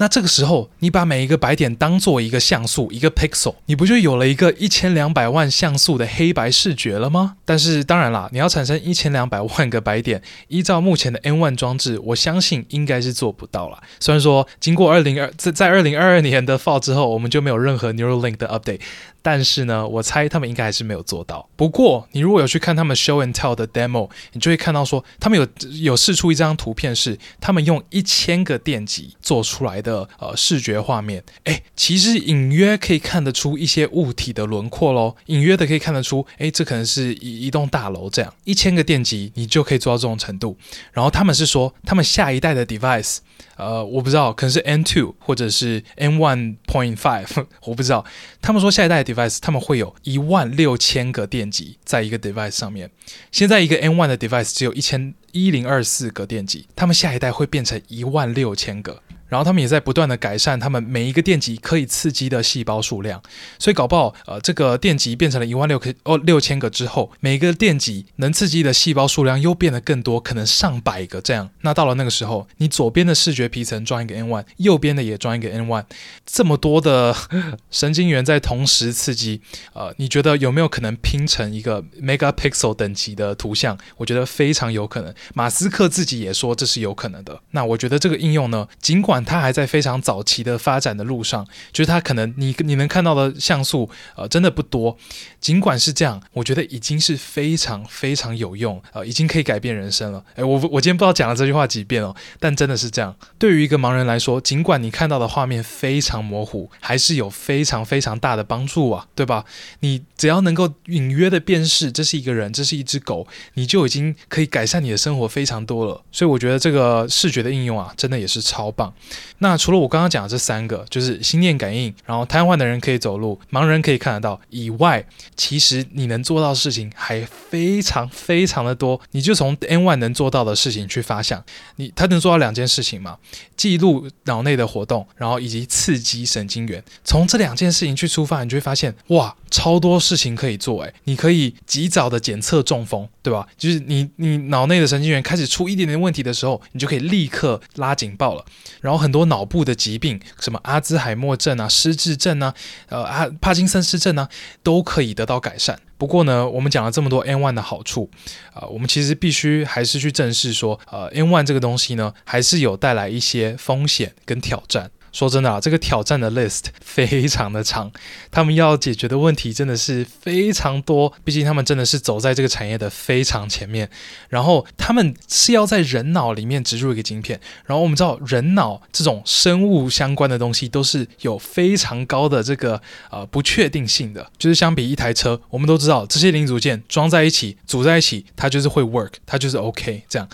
那這個時候，你把每一個白點當做一個像素，一個 pixel，你不就有了一個一千兩百萬像素的黑白視覺了嗎？但是，當然啦，你要產生一千兩百萬個白點，依照目前的 N1 裝置，我相信應該是做不到了。雖然說，經過二零二在在二零二二年的 fall 之後，我們就沒有任何 Neuralink 的 update。但是呢，我猜他們應該還是沒有做到。不過，你如果有去看他們 show and tell 的 demo，你就會看到說，他們有有釋出一張圖片是，是他們用一千個電極做出來的呃視覺畫面。誒，其實隱約可以看得出一些物體的輪廓咯，隱約的可以看得出，誒，這可能是一一棟大樓這樣。一千個電極，你就可以做到這種程度。然後他們是說，他們下一代的 device。呃，我不知道，可能是 N two 或者是 N one point five，我不知道。他們說下一代的 device，他們會有一萬六千個電極在一個 device 上面。現在一個 N one 的 device 只有一千一零二四個電極，他們下一代會變成一萬六千個。然後他們也在不斷的改善他們每一個電極可以刺激的細胞數量，所以搞不好，呃，這個電極變成了一萬六 K，哦，六千個之後，每個電極能刺激的細胞數量又變得更多，可能上百個這樣。那到了那個時候，你左邊的視覺皮層裝一個 N1，右邊的也裝一個 N1，這麼多的神經元在同時刺激，呃，你覺得有沒有可能拼成一個 Megapixel 等級的圖像？我覺得非常有可能。馬斯克自己也說這是有可能的。那我覺得這個應用呢，盡管它還在非常早期的發展的路上，就是它可能你你能看到的像素，呃，真的不多。儘管是這樣，我覺得已經是非常非常有用，呃，已經可以改變人生了。誒，我我今天不知道講了這句話幾遍哦，但真的是這樣。對於一個盲人來說，儘管你看到的畫面非常模糊，還是有非常非常大的幫助啊，對吧？你只要能夠隱約的辨識，這是一個人，這是一隻狗，你就已經可以改善你的生活非常多了。所以我覺得這個視覺的應用啊，真的也是超棒。那除了我剛剛講的這三個，就是心電感應，然後癱瘓的人可以走路，盲人可以看得到以外，其實你能做到的事情還非常非常的多。你就從 N1 能做到的事情去發想，你它能做到兩件事情嘛，記錄腦內的活動，然後以及刺激神經元。從這兩件事情去出發，你就會發現哇，超多事情可以做誒，你可以及早的檢測中風，對吧？就是你你腦內的神經元開始出一點點問題的時候，你就可以立刻拉警報了，然後。很多腦部的疾病，什麼阿茲海默症啊、失智症啊、呃帕金森氏症呢、啊，都可以得到改善。不過呢，我們講了這麼多 N1 的好處，啊、呃，我們其實必須還是去正視說，呃，N1 這個東西呢，還是有帶來一些風險跟挑戰。說真的啊，這個挑戰的 list 非常的長，他們要解決的問題真的是非常多。畢竟他們真的是走在這個產業的非常前面，然後他們是要在人腦裡面植入一個晶片，然後我們知道人腦這種生物相關的東西都是有非常高的這個呃不確定性的，就是相比一台車，我們都知道這些零組件裝在一起、組在一起，它就是會 work，它就是 OK 這樣。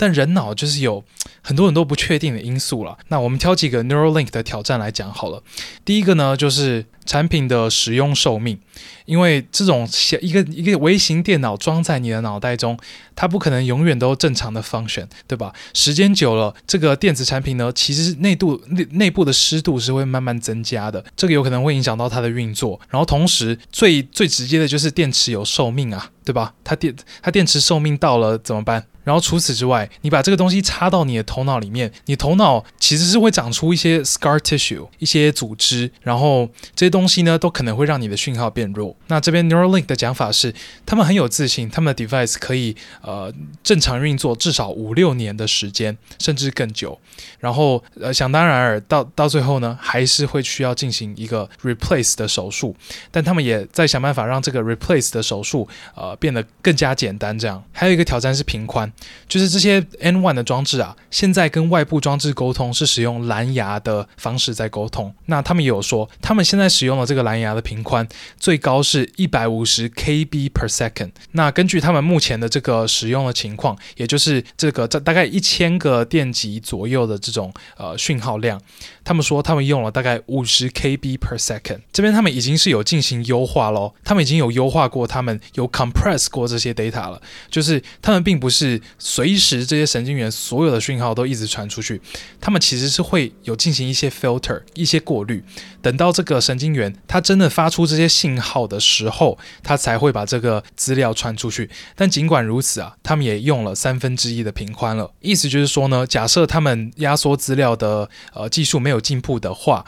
但人腦就是有很多很多不確定的因素啦。那我們挑幾個 Neuralink 的挑戰來講好了。第一個呢，就是產品的使用壽命，因為這種像一個一個微型電腦裝在你的腦袋中，它不可能永遠都正常的 function，對吧？時間久了，這個電子產品呢，其實內度內內部的濕度是會慢慢增加的，這個有可能會影響到它的運作。然後同時，最最直接的就是電池有壽命啊，對吧？它電它電池壽命到了怎麼辦？然後除此之外，你把這個東西插到你的頭腦裡面，你頭腦其實是會長出一些 scar tissue，一些組織，然後這些東西呢都可能會讓你的訊號變弱。那這邊 Neuralink 的講法是，他們很有自信，他們的 device 可以呃正常運作至少五六年的時間，甚至更久。然後呃想當然爾到到最後呢，還是會需要進行一個 replace 的手術，但他們也在想辦法讓這個 replace 的手術呃變得更加簡單這樣。還有一個挑戰是頻寬。就是這些 N1 的裝置啊，現在跟外部裝置溝通是使用藍牙的方式在溝通。那他們也有說，他們現在使用的這個藍牙的頻寬最高是一百五十 KB per second。那根據他們目前的這個使用的情況，也就是這個在大概一千個電極左右的這種呃訊號量，他們說他們用了大概五十 KB per second。這邊他們已經是有進行優化了，他們已經有優化過，他們有 compress 過這些 data 了，就是他們並不是。隨時這些神經元所有的訊號都一直傳出去，他們其實是會有進行一些 filter 一些過濾，等到這個神經元它真的發出這些信號的時候，它才會把這個資料傳出去。但儘管如此啊，他們也用了三分之一的頻寬了，意思就是說呢，假設他們壓縮資料的呃技術沒有進步的話。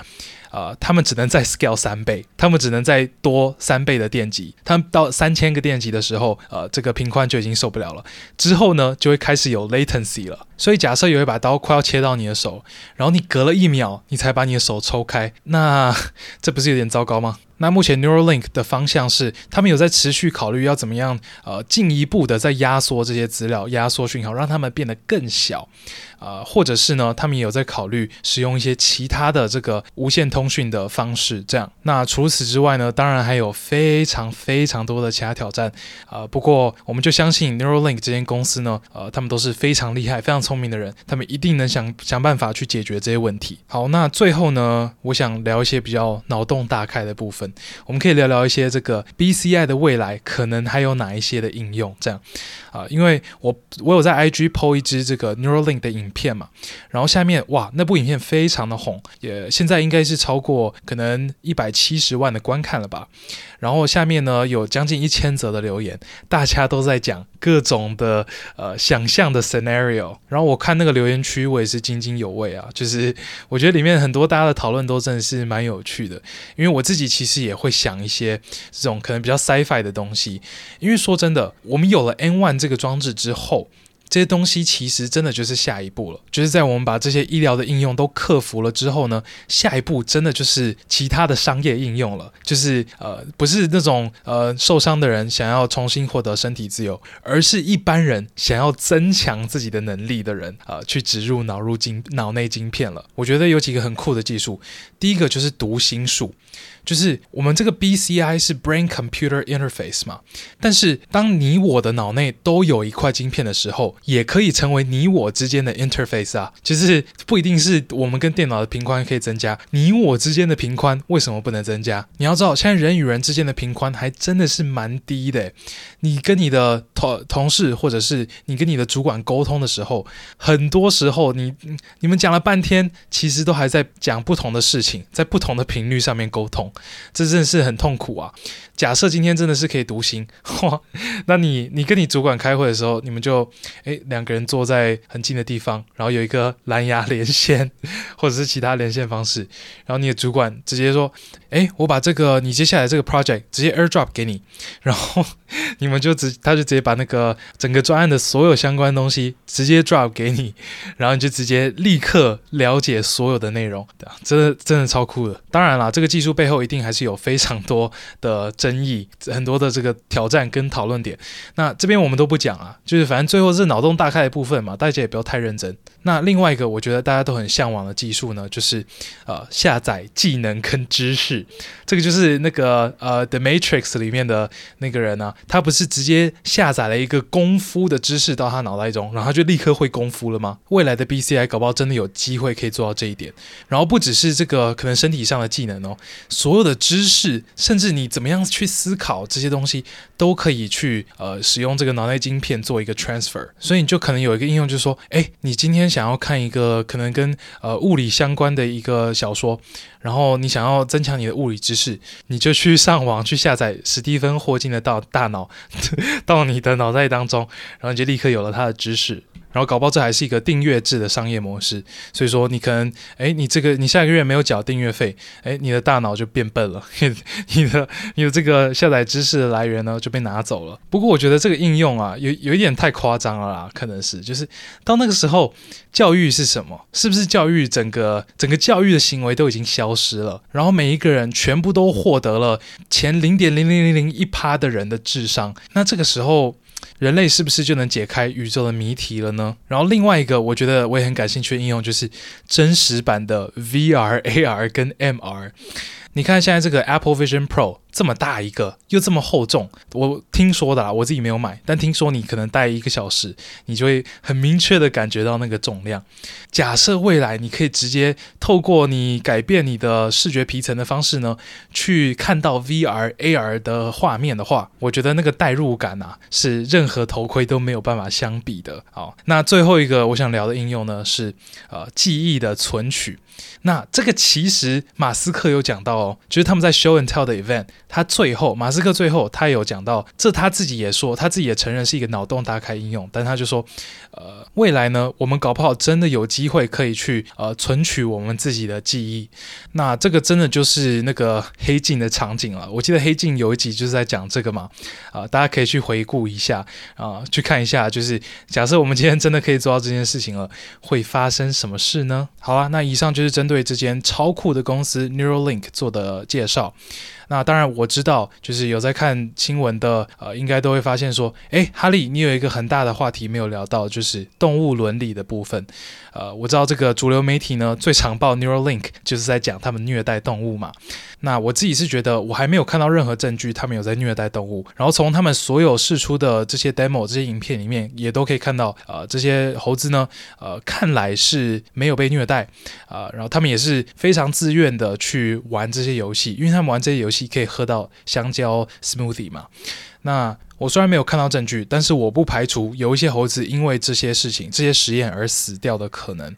呃，他們只能再 scale 三倍，他們只能再多三倍的電極，他們到三千個電極的時候，呃，這個頻寬就已經受不了了。之後呢，就會開始有 latency 了。所以假設有一把刀快要切到你的手，然後你隔了一秒你才把你的手抽開，那這不是有點糟糕嗎？那目前 Neuralink 的方向是，他們有在持續考慮要怎麼樣，呃，進一步的在壓縮這些資料、壓縮訊號，讓他們變得更小，啊，或者是呢，他們也有在考慮使用一些其他的這個無線通訊的方式，這樣。那除此之外呢，當然還有非常非常多的其他挑戰，啊，不過我們就相信 Neuralink 這間公司呢，呃，他們都是非常厲害、非常聰明的人，他們一定能想想辦法去解決這些問題。好，那最後呢，我想聊一些比較腦洞大開的部分。我們可以聊聊一些這個 BCI 的未來可能還有哪一些的應用，這樣啊，因為我我有在 IG Po 一支這個 Neuralink 的影片嘛，然後下面哇，那部影片非常的紅，也現在應該是超過可能一百七十萬的觀看了吧，然後下面呢有將近一千則的留言，大家都在講各種的呃想象的 scenario，然後我看那個留言區，我也是津津有味啊，就是我覺得裡面很多大家的討論都真的是蠻有趣的，因為我自己其實。是也會想一些這種可能比較 sci-fi 的東西，因為說真的，我們有了 N1 這個裝置之後，這些東西其實真的就是下一步了。就是在我們把這些醫療的應用都克服了之後呢，下一步真的就是其他的商業應用了。就是呃，不是那種呃受傷的人想要重新獲得身體自由，而是一般人想要增強自己的能力的人啊、呃，去植入腦入晶腦內晶片了。我覺得有幾個很酷的技術，第一個就是讀心術。就是我們這個 BCI 是 Brain Computer Interface 嘛，但是當你我的腦內都有一塊晶片的時候，也可以成為你我之間的 interface 啊。就是不一定是我們跟電腦的頻寬可以增加，你我之間的頻寬為什麼不能增加？你要知道，現在人與人之間的頻寬還真的是蠻低的。你跟你的同同事或者是你跟你的主管溝通的時候，很多時候你你們講了半天，其實都還在講不同的事情，在不同的頻率上面溝通。這真的是很痛苦啊！假設今天真的是可以讀心，哇，那你你跟你主管開會的時候，你們就哎兩個人坐在很近的地方，然後有一個藍牙連線或者是其他連線方式，然後你的主管直接說：“哎，我把這個你接下來這個 project 直接 air drop 給你，然後你們就直他就直接把那個整個專案的所有相關東西直接 drop 給你，然後你就直接立刻了解所有的內容，對啊、真的真的超酷的！當然了，這個技術背後。一定還是有非常多的爭議，很多的這個挑戰跟討論點。那這邊我們都不講啊，就是反正最後是腦洞大開的部分嘛，大家也不要太認真。那另外一個我覺得大家都很嚮往的技術呢，就是呃下載技能跟知識。這個就是那個呃《The Matrix》裡面的那個人啊，他不是直接下載了一個功夫的知識到他腦袋中，然後他就立刻會功夫了嗎？未來的 BCI 搞不好真的有機會可以做到這一點。然後不只是這個，可能身體上的技能哦，所所有的知識，甚至你怎麼樣去思考這些東西，都可以去呃使用這個腦內晶片做一個 transfer。所以你就可能有一個應用，就是說，哎，你今天想要看一個可能跟呃物理相關的一個小說，然後你想要增強你的物理知識，你就去上網去下載史蒂芬霍金的到大腦到你的腦袋當中，然後你就立刻有了他的知識。然後搞不好這還是一個訂閱制的商業模式，所以說你可能，誒，你這個你下個月沒有繳訂閱費，誒，你的大腦就變笨了，你的你的這個下載知識的來源呢就被拿走了。不過我覺得這個應用啊，有有一點太誇張了啦，可能是，就是到那個時候，教育是什麼？是不是教育整個整個教育的行為都已經消失了？然後每一個人全部都獲得了前零點零零零零一趴的人的智商？那這個時候？人類是不是就能解開宇宙的謎題了呢？然後另外一個，我覺得我也很感興趣的應用就是真實版的 VR、AR 跟 MR。你看現在這個 Apple Vision Pro。這麼大一個又這麼厚重，我聽說的啊，我自己沒有買，但聽說你可能戴一個小時，你就會很明確的感覺到那個重量。假設未來你可以直接透過你改變你的視覺皮層的方式呢，去看到 VR AR 的畫面的話，我覺得那個代入感啊，是任何頭盔都沒有辦法相比的。好，那最後一個我想聊的應用呢，是呃記憶的存取。那這個其實馬斯克有講到哦，就是他們在 Show and Tell 的 event。他最後，馬斯克最後，他有講到，這他自己也說，他自己也承認是一個腦洞大開應用，但他就說，呃，未來呢，我們搞不好真的有機會可以去呃存取我們自己的記憶，那這個真的就是那個黑鏡的場景了。我記得黑鏡有一集就是在講這個嘛，啊、呃，大家可以去回顧一下啊、呃，去看一下，就是假設我們今天真的可以做到這件事情了，會發生什麼事呢？好啦，那以上就是針對這間超酷的公司 Neuralink 做的介紹。那當然，我知道，就是有在看新聞的，呃，應該都會發現說，哎、欸，哈利，你有一個很大的話題沒有聊到，就是動物倫理的部分。呃，我知道這個主流媒體呢，最常報 Neuralink 就是在講他們虐待動物嘛。那我自己是覺得，我還沒有看到任何證據他們有在虐待動物。然後從他們所有釋出的這些 demo 這些影片裡面，也都可以看到，呃，這些猴子呢，呃，看來是沒有被虐待，啊、呃，然後他們也是非常自願的去玩這些遊戲，因為他們玩這些遊戲。你可以喝到香蕉 smoothie 嘛？那。我雖然沒有看到證據，但是我不排除有一些猴子因為這些事情、這些實驗而死掉的可能。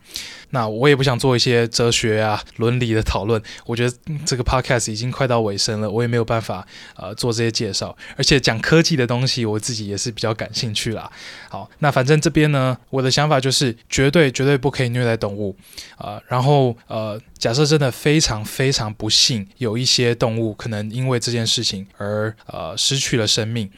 那我也不想做一些哲學啊、倫理的討論。我覺得這個 Podcast 已經快到尾聲了，我也沒有辦法呃做這些介紹。而且講科技的東西，我自己也是比較感興趣啦。好，那反正這邊呢，我的想法就是絕對絕對不可以虐待動物啊、呃，然後呃，假設真的非常非常不幸，有一些動物可能因為這件事情而呃失去了生命。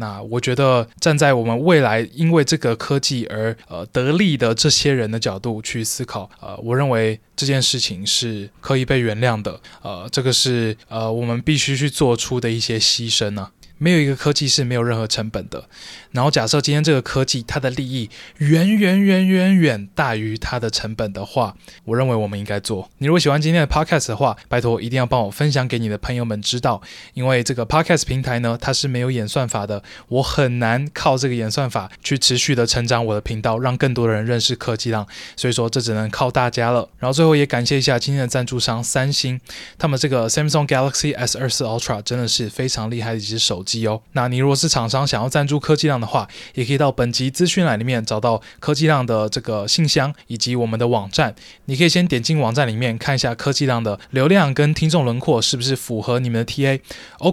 那我覺得，站在我們未來因為這個科技而呃得利的這些人的角度去思考，呃，我認為這件事情是可以被原諒的，呃，這個是呃我們必須去做出的一些犧牲呢、啊。沒有一個科技是沒有任何成本的。然後假設今天這個科技它的利益遠遠遠遠遠大於它的成本的話，我認為我們應該做。你如果喜歡今天的 Podcast 的話，拜託一定要幫我分享給你的朋友們知道，因為這個 Podcast 平台呢，它是沒有演算法的，我很難靠這個演算法去持續的成長我的頻道，讓更多的人認識科技浪。所以說這只能靠大家了。然後最後也感謝一下今天的贊助商三星，他們這個 Samsung Galaxy S24 Ultra 真的是非常厲害的一隻手。哦，那你如果是廠商想要贊助科技浪的話，也可以到本集資訊欄裡面找到科技浪的這個信箱以及我們的網站，你可以先點進網站裡面看一下科技浪的流量跟聽眾輪廓是不是符合你們的 TA，OK、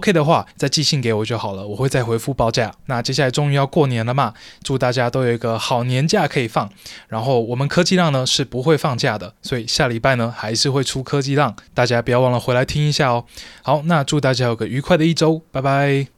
OK、的話再寄信給我就好了，我會再回復報價。那接下來終於要過年了嘛，祝大家都有一個好年假可以放，然後我們科技浪呢是不會放假的，所以下禮拜呢還是會出科技浪，大家不要忘了回來聽一下哦。好，那祝大家有個愉快的一週，拜拜。